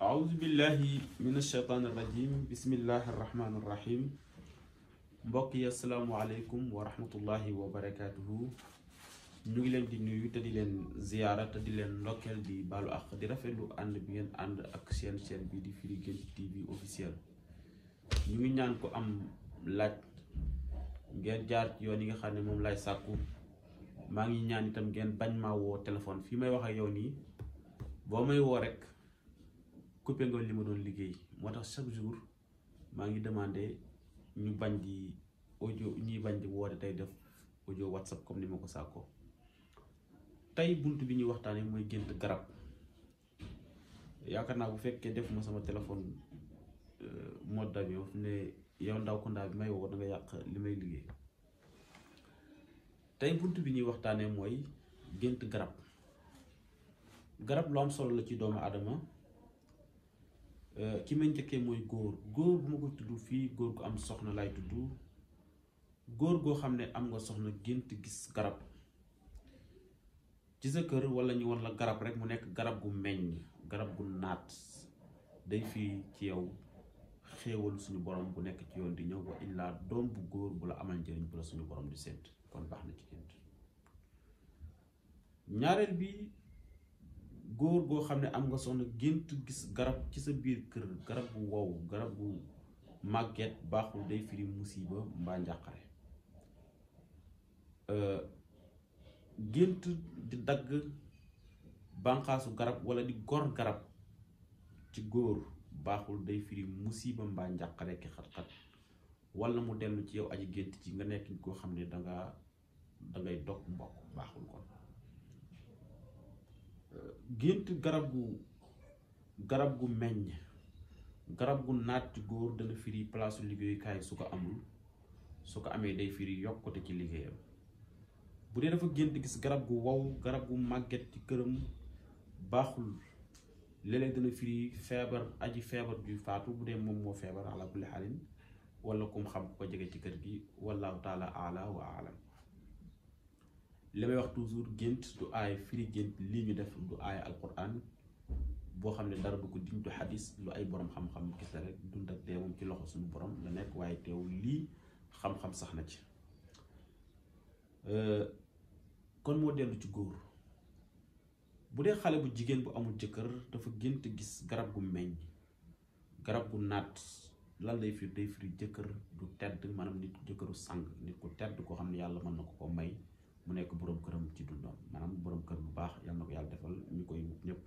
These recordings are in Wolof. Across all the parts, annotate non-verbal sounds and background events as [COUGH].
aoudu billahi min alsheytaan irrajim bismillahi arrahmani irrahim mbokk yi asalaamualeykum wa rahmatullahi wa barakatuhu ñu ngi leen di nuyu te di leen ziyaara te di leen ndokkeel di baalu ak di rafetlu ànd bi ngeen ànd ak seen chaîne bi di Firi Guent TV officiel ñu ngi ñaan ko am laaj ngeen jaar yoon yi nga xam ne moom lay sàkku maa ngi ñaan itam ngeen bañ maa woo téléphone fii may wax ak yow nii boo may woo rek coupé ngoon li ma doon liggéey moo tax chaque jour maa ngi demande ñu bañ di ojo ñuy bañ di woote tey def audio whatsapp comme ni ma ko sàkkoo tey bunt bi ñuy waxtaanee mooy gént garab yaakaar naa bu fekkee def ma sama téléphone euh, mode d'avion ne yow ndaw kundaa bi may woo da yàq li may liggéey tey bunt bi ñuy waxtaanee mooy gént garab garab lu am solo la ci doomu aadama Euh, ki ma njëkkee mooy góor góor bu ma ko tudd fii góor gu am soxna laay tudd góor goo xam ne am nga soxna gént gis garab ci sa kër walla ñu won la garab rek mu nekk garab gu meññ garab gu naat day fii ci yow xéewal suñu borom bu nekk ci yoon di ñëw ba illaa doom bu góor bu la amal njëriñ bu la suñu borom di sént kon baax na ci gént ñaareel bi góor goo xam ne am nga soxna gént gis garab ci sa biir kër garab bu wow garab bu màgget baaxul day firi musiba mbaa njàqare euh, di dagg bànqaasu garab wala di gor garab ci góor baaxul day firi musiba mbaa njàqare ki xat-xat wala mu dellu ci yow aji gént ci nga nekk koo xam ne danga dangay dog mbokk baaxul kon gént garab gu garab gu meññ garab gu naat ci góor dana firi palaasu liggéeyukaay su ko amul su ko amee day firi yokkute ci liggéeyam bu dee dafa gént gis garab gu wow garab gu màgget ci këram baaxul léeg-léeg dana firi feebar aji feebar juy faatu bu dee moom moo feebar ala kulli xaalin wala kum xam ko jege ci kër gi wallahu li may wax toujours gént du aay firi gént lii ñu def du aay alquran boo xam ne dara du ko diñ du lu ay boroom xam-xam gis la rek dund ak dee moom ci loxo suñu borom la nekk waaye teew lii xam-xam sax na ci euh, kon moo dellu ci góor bu dee xale bu jigéen bu amul jëkkër dafa gént gis garab gu meññ garab gu naat lan lay firi day firi jëkkër du tedd maanaam nit jëkkëru sàng nit ku tedd koo xam ne yàlla mën na ko ko may mu nekk borom këram ci dundam maanaam borom kër bu baax yal na ko yàlla defal ñu koy wut ñëpp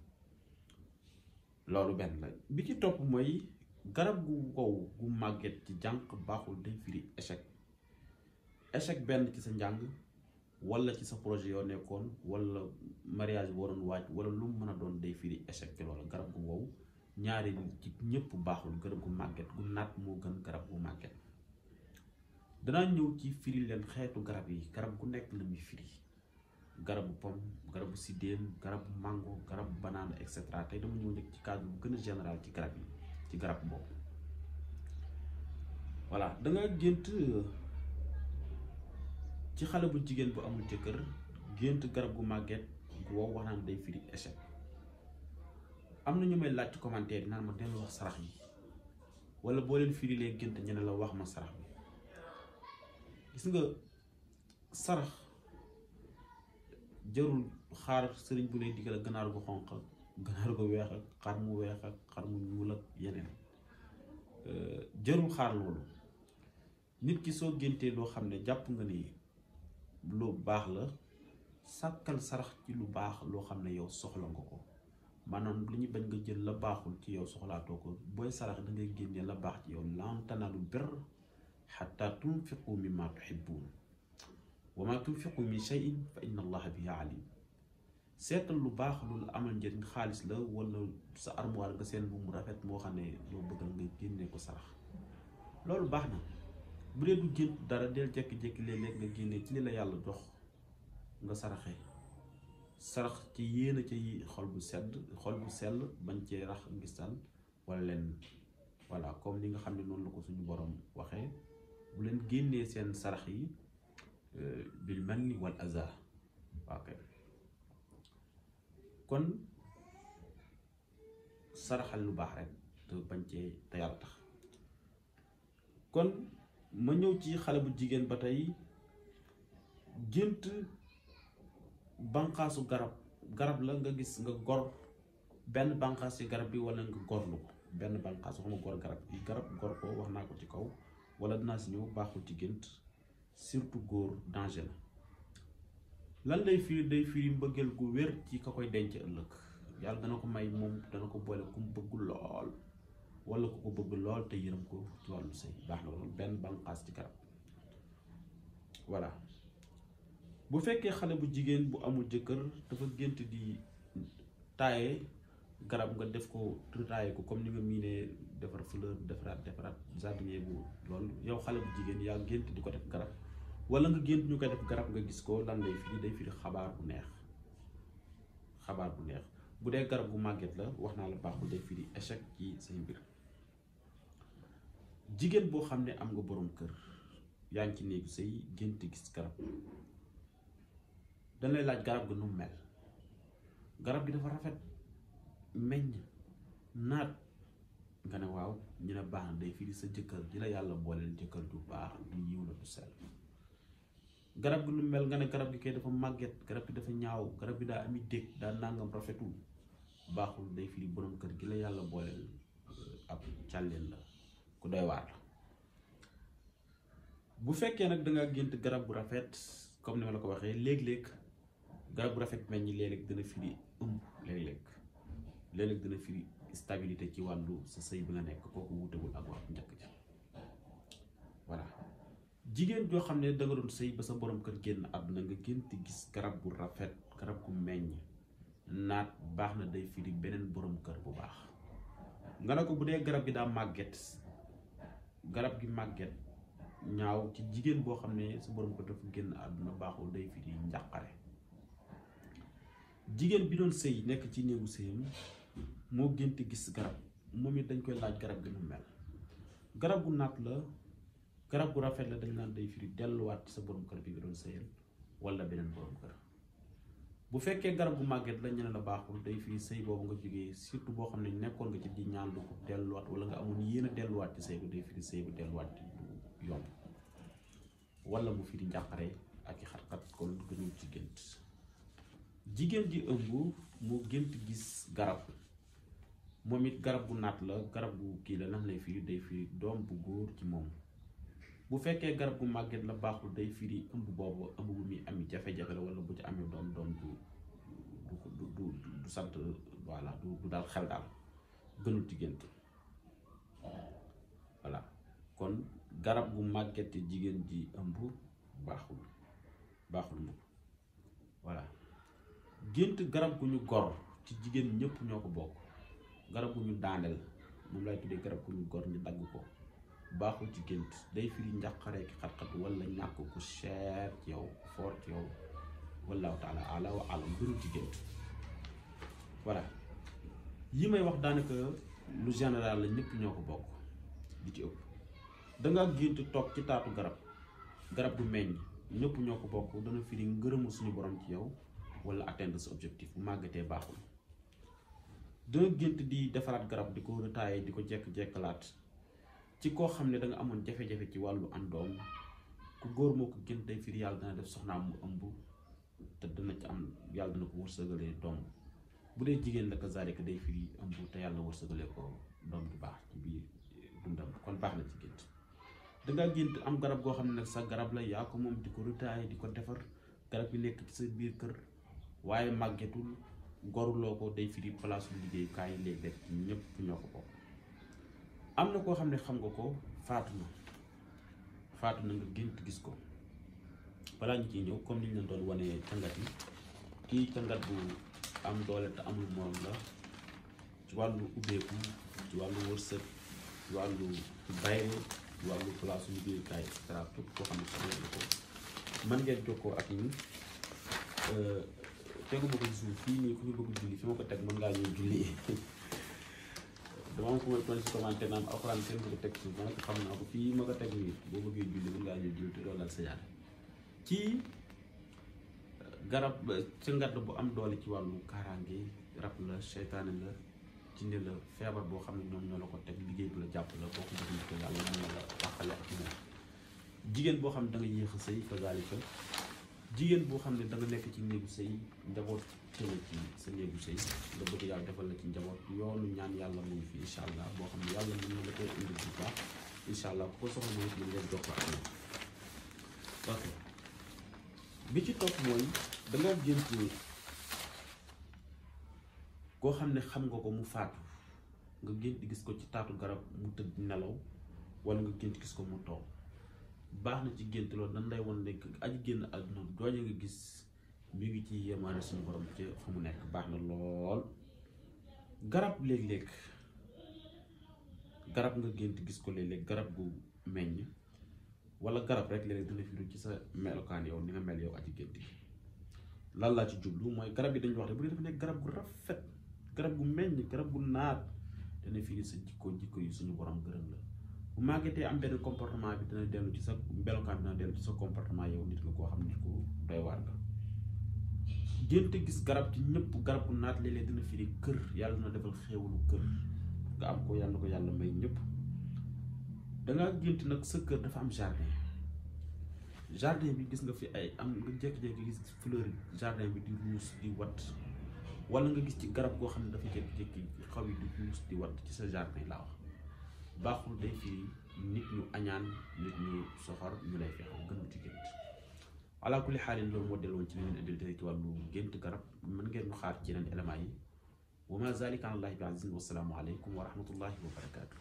loolu benn la bi ci topp mooy garab gu wow gu màgget ci jànq baaxul day firi échec échec benn ci sa njàng wala ci sa projet yoo nekkoon walla mariage boo doon waaj wala lu mën a doon day firi échec ci loolu garab gu wow ñaari ci ñëpp baaxul garab gu màgget gu naat moo gën garab danaa ñëw ci firi leen xeetu garab yi garab gu nekk la muy firi garabu pomme garabu sidéem garabu mango garabu banaan et cetera tey dama ñëw nekk ci cadre bu gën a général ci garab yi ci garab boobu voilà da nga gént ci xale bu jigéen bu amul jëkkër gént garab gu màgget gu wow wax naan day firi échec am na ñu may laaj ci commentaire yi naan ma dellu wax sarax yi wala boo leen firi lee gént ñu la wax ma sarax bi gis nga sarax jarul xaar sëriñ bu lay digal ak ganaar gu xonq ak ganaar gu weex ak xar mu weex ak xar mu ñuul ak yeneen euh, jarul xaar loolu nit ki soo géntee loo xam ne jàpp nga ni lu baax la sàkkal sarax ci lu baax loo xam ne yow soxla nga ko maanaam li ñu bañ nga jël la baaxul ci yow soxlaatoo ko booy sarax da ngay génne la baax ci yow lu ber xataa tunfiqu mimma tuxibbuun wa ma tunfiqu min cheyin fa inna allaha bihi alim seetal lu baax lu la amal njëriñ xaalis la walla sa armoire nga seen bu mu rafet moo xam ne loo bëggal nga ko sarax loolu baax na bu dee du gént dara del jékki-jékki léeg-léeg nga génnee ci li la yàlla jox nga saraxe sarax ci yéen a ci xol bu sedd xol bu sell bañ cee rax ngistal wala leen voilà comme ni nga xam ne noonu la ko suñu borom waxee bu leen génnee seen sarax yi mel euh, manni wal azaa waaw kay kon saraxal lu baax rek te bañ cee te yàlla kon ma ñëw ci xale bu jigéen ba tey gént banqaasu garab garab la nga gis nga gor benn banqaas ci garab bi wala nga gorlu ko benn banqaas wax ma gor garab bi garab gor ko wax naa ko ci kaw wala dinaa si ñëw baaxul ci gént surtout góor danger la lan lay firi day firi mbëggeel gu wér ci ka koy denc ëllëg yàlla dana ko may moom dana ko boole ku mu bëgg lool wala ku ko bëgg lool te yërëm ko ci wàllu sëy baax na lool benn banqaas ci garab voilà bu fekkee xale bu jigéen bu amul jëkkër dafa gént di taaye garab nga def ko taaye ko comme ni nga miinee defar fleur defaraat defaraat jardinier bu lool yow xale bu jigéen yaa gént di ko def garab wala nga gént ñu koy def garab nga gis ko lan lay firi day firi xabaar bu neex xabaar bu neex bu dee garab bu màgget la wax naa la bu day firi échec ci say mbir jigéen boo xam ne am nga boroom kër yaa ngi ci néegu sëy gént gis garab dañ lay laaj garab ga nu mel garab gi dafa rafet meññ naat nga ne waaw ñu ne baax na day firi sa jëkkër di la yàlla booleel jëkkër ju baax du garab gi lu mel nga ne garab gi kay dafa màgget garab gi dafa ñaaw garab gi daa ami dégg daa nangam rafetul baaxul day firi borom kër gi la yàlla booleel euh, ab càlleen la ku doy waar la bu fekkee nag danga gént garab bu rafet comme ni ma la ko waxee léeg-léeg garab bu rafet meññ léeg-léeg dina firi ëmb léeg-léeg léeg-léeg dina firi stabilité ci wàllu sa sëy bi nga nekk kooku wutewul ak wax njëkk ja voilà jigéen joo xam ne da nga doon sëy ba sa boroom kër génn àdduna nga gént gis garab bu rafet garab gu meññ naat baax na day firi beneen borom kër bu baax nga ne ko bu dee garab gi daa màgget garab gi màgget ñaaw ci jigéen boo xam ne sa borom kër dafa génn àdduna baaxul day firi njàqare jigéen bi doon sëy nekk ci néegu sëyam moo gént gis garab moom it dañ koy laaj garab gi mu mel garab gu naat la garab gu rafet la dañ naan day firi delluwaat sa borom kër bi nga doon sëyal wala beneen borom kër bu fekkee garab gu màgget la ñu ne la baaxul day firi sëy boobu nga jógee surtout boo xam ne nekkoon nga ci di ñaan lu delluwaat wala nga amoon yéen a delluwaat ci sëy bi day firi sëy bu delluwaat du yomb wala mu firi njàqare ak i xat-xat kon gënul ci gént jigéen ji ëmb moo gis garab moom it garab bu naat la garab bu kii la nan lay firi day firi doom bu góor ci moom bu fekkee garab bu màgget la baaxul day firi ëmb boobu ëmb bu muy am jafe-jafe la wala bu ci amee doom doom du du du du sant voilà du daal xel daal gënul ci gént voilà kon garab bu màgget jigéen ji ëmb baaxul baaxul moom voilà gént garab gu ñu gor ci jigéen ñëpp ñoo ko bokk. garab gu ñu daaneel moom lay tuddee garab gu ñu gor ñu dagg ko baaxul ci gént day firi njàqare ki xat-xat wala ñàkk ku cher ci yow fort ci yow wallahu taala ala wa alam birul ci gént voilà yi may wax daanaka lu général la ñëpp ñoo ko bokk di ci ëpp danga gént toog ci taatu garab garab gu meññ ñëpp ñoo ko bokk dana firi ngërëmu suñu borom ci yow wala atteindre sa objectif bu màggatee baaxul doo gént di defaraat garab di ko retaaye di ko jekk laat ci koo xam ne da amoon jafe-jafe ci wàllu doom ku góor moo ko gént day firi yàlla dana def soxnaam mu ëmb te dana ci am yàlla dana ko wërsëgalee doom bu dee jigéen la kazaalika day firi ëmb te yàlla ko doom bu baax ci biir kon baax na ci gént dangaa gént am garab goo xam ne nag sa garab la yaa ko moom di ko retaaye di ko defar garab yi nekk sa biir kër waaye màggetul goruloo ko day firi palaasu liggéeyukaay yi lay def ñépp ñoo ko bokk am na koo xam ne xam nga ko faatu na faatu na nga gént gis ko balaa ñu ciy ñëw comme niñ leen doon wane càngat yi kii càngat bu am doole te amul morom la ci wàllu ubbeeku ci wàllu wërsëg ci wàllu bayre ci wàllu palaasu liggéeyukaay et cetera koo xam ne xam nga ko mën ngeen jokkoo ak ñun euh, tegu ko fii nii julli fi ma ko teg mën ngaa ñëw julli [LAUGHS] dama am ku may si commentaire naan alxuraan kenn ko teg suuf ma ko xam naa ko fii ma ko teg nii boo bëggee julli te doo laal sa yaay ci garab ci ngat bu am doole ci wàllu kaaraange rab la seytaane la jinde la feebar boo xam ne ñoom ñoo la ko teg liggéey bu la jàpp la boo ko jëfandikoo yàlla mën na la tàqale ak moom jigéen boo xam ne da nga yéex a sëy kazaalika jigéen boo xam ne da nekk ci néegu sëy njaboot tëla ci sa néegu sëy nga bëgg yàlla defal na ci njaboot yoonu ñaan yàlla mu ngi fi incha allah boo xam ne yàlla mën na la koy bu baax incha allah ku ko soxla moom mën ngeen ko bi ci topp mooy da nga gént koo xam ne xam nga ko mu faatu nga gént gis ko ci taatu garab mu tëdd nelaw walla nga gént gis ko mu toog baax na ci gént loolu dañ lay won lekk aji génn àdduna jooje nga gis mu ngi ci yemaane suñu borom ci fa mu nekk baax na lool garab léeg-léeg garab nga gént gis ko léeg-léeg garab gu meññ wala garab rek léeg-léeg dina firu ci sa melokaan yow ni nga mel yow aji gént gi laa ci jublu mooy garab yi dañu wax ne bu nekk garab gu rafet garab gu meññ garab gu naat dana firi sa jikko jikko yi suñu borom gërëm la bu màggetee am benn comportement bi dina dellu ci sa melokaan dina dellu ci sa comportement yow nit la koo xam nit ko doy waar nga gis garab ci ñëpp garab naat léeg-léeg dina kër yàlla na defal xéewalu kër ko yàlla ko yàlla may ñëpp dangaa nag sa kër dafa am jardin jardin bi gis nga fi ay am nga jékki-jékki gis fleur jardin bi di nga gis ci garab goo xam ne dafa jékki-jékki xaw yi di ruus di wat ci sa jardin laa wax baaxul day firi nit ñu añaan nit ñu soxor ñu lay fexe gënu ci gént ala kulli xaalin loolu moo delloon ci li ngeen indil tey ci wàllu gént garab mën ngeen ñu xaar ci yeneen éléments yi wa ma zalika alallaahi bi aziz wa salaamu aleykum wa rahmatullahi wa barakaatu